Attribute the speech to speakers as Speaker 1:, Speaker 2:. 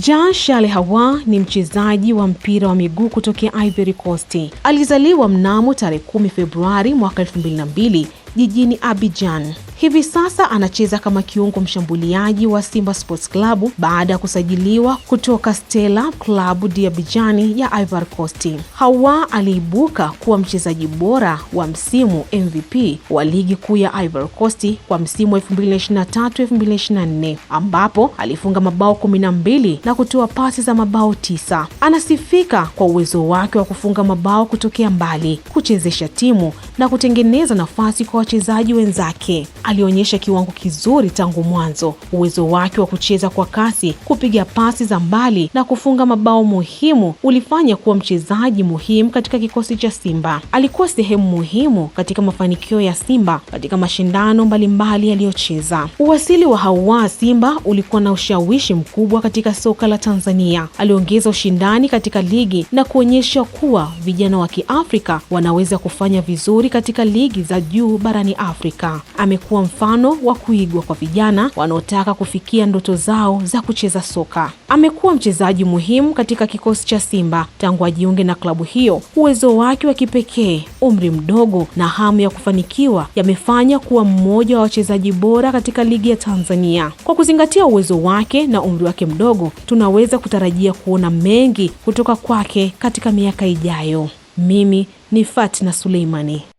Speaker 1: Charles hawa ni mchezaji wa mpira wa miguu kutokea Ivory Coast. Alizaliwa mnamo tarehe 10 Februari mwaka 2002 jijini Abidjan. Hivi sasa anacheza kama kiungo mshambuliaji wa Simba Sports Club baada ya kusajiliwa kutoka Stella Club Diabijani ya Ivory Coast. Hawa aliibuka kuwa mchezaji bora wa msimu MVP wa ligi kuu ya Ivory Coast kwa msimu 2023-2024 ambapo alifunga mabao 12 na kutoa pasi za mabao tisa. Anasifika kwa uwezo wake wa kufunga mabao kutokea mbali, kuchezesha timu na kutengeneza nafasi kwa wachezaji wenzake alionyesha kiwango kizuri tangu mwanzo. Uwezo wake wa kucheza kwa kasi, kupiga pasi za mbali na kufunga mabao muhimu ulifanya kuwa mchezaji muhimu katika kikosi cha Simba. Alikuwa sehemu muhimu katika mafanikio ya Simba katika mashindano mbalimbali yaliyocheza. Uwasili wa Hauwa Simba ulikuwa na ushawishi mkubwa katika soka la Tanzania. Aliongeza ushindani katika ligi na kuonyesha kuwa vijana wa Kiafrika wanaweza kufanya vizuri katika ligi za juu barani Afrika. Amekuwa mfano wa kuigwa kwa vijana wanaotaka kufikia ndoto zao za kucheza soka. Amekuwa mchezaji muhimu katika kikosi cha Simba tangu ajiunge na klabu hiyo. Uwezo wake wa kipekee, umri mdogo na hamu ya kufanikiwa yamefanya kuwa mmoja wa wachezaji bora katika ligi ya Tanzania. Kwa kuzingatia uwezo wake na umri wake mdogo, tunaweza kutarajia kuona mengi kutoka kwake katika miaka ijayo. Mimi ni Fatna Suleimani.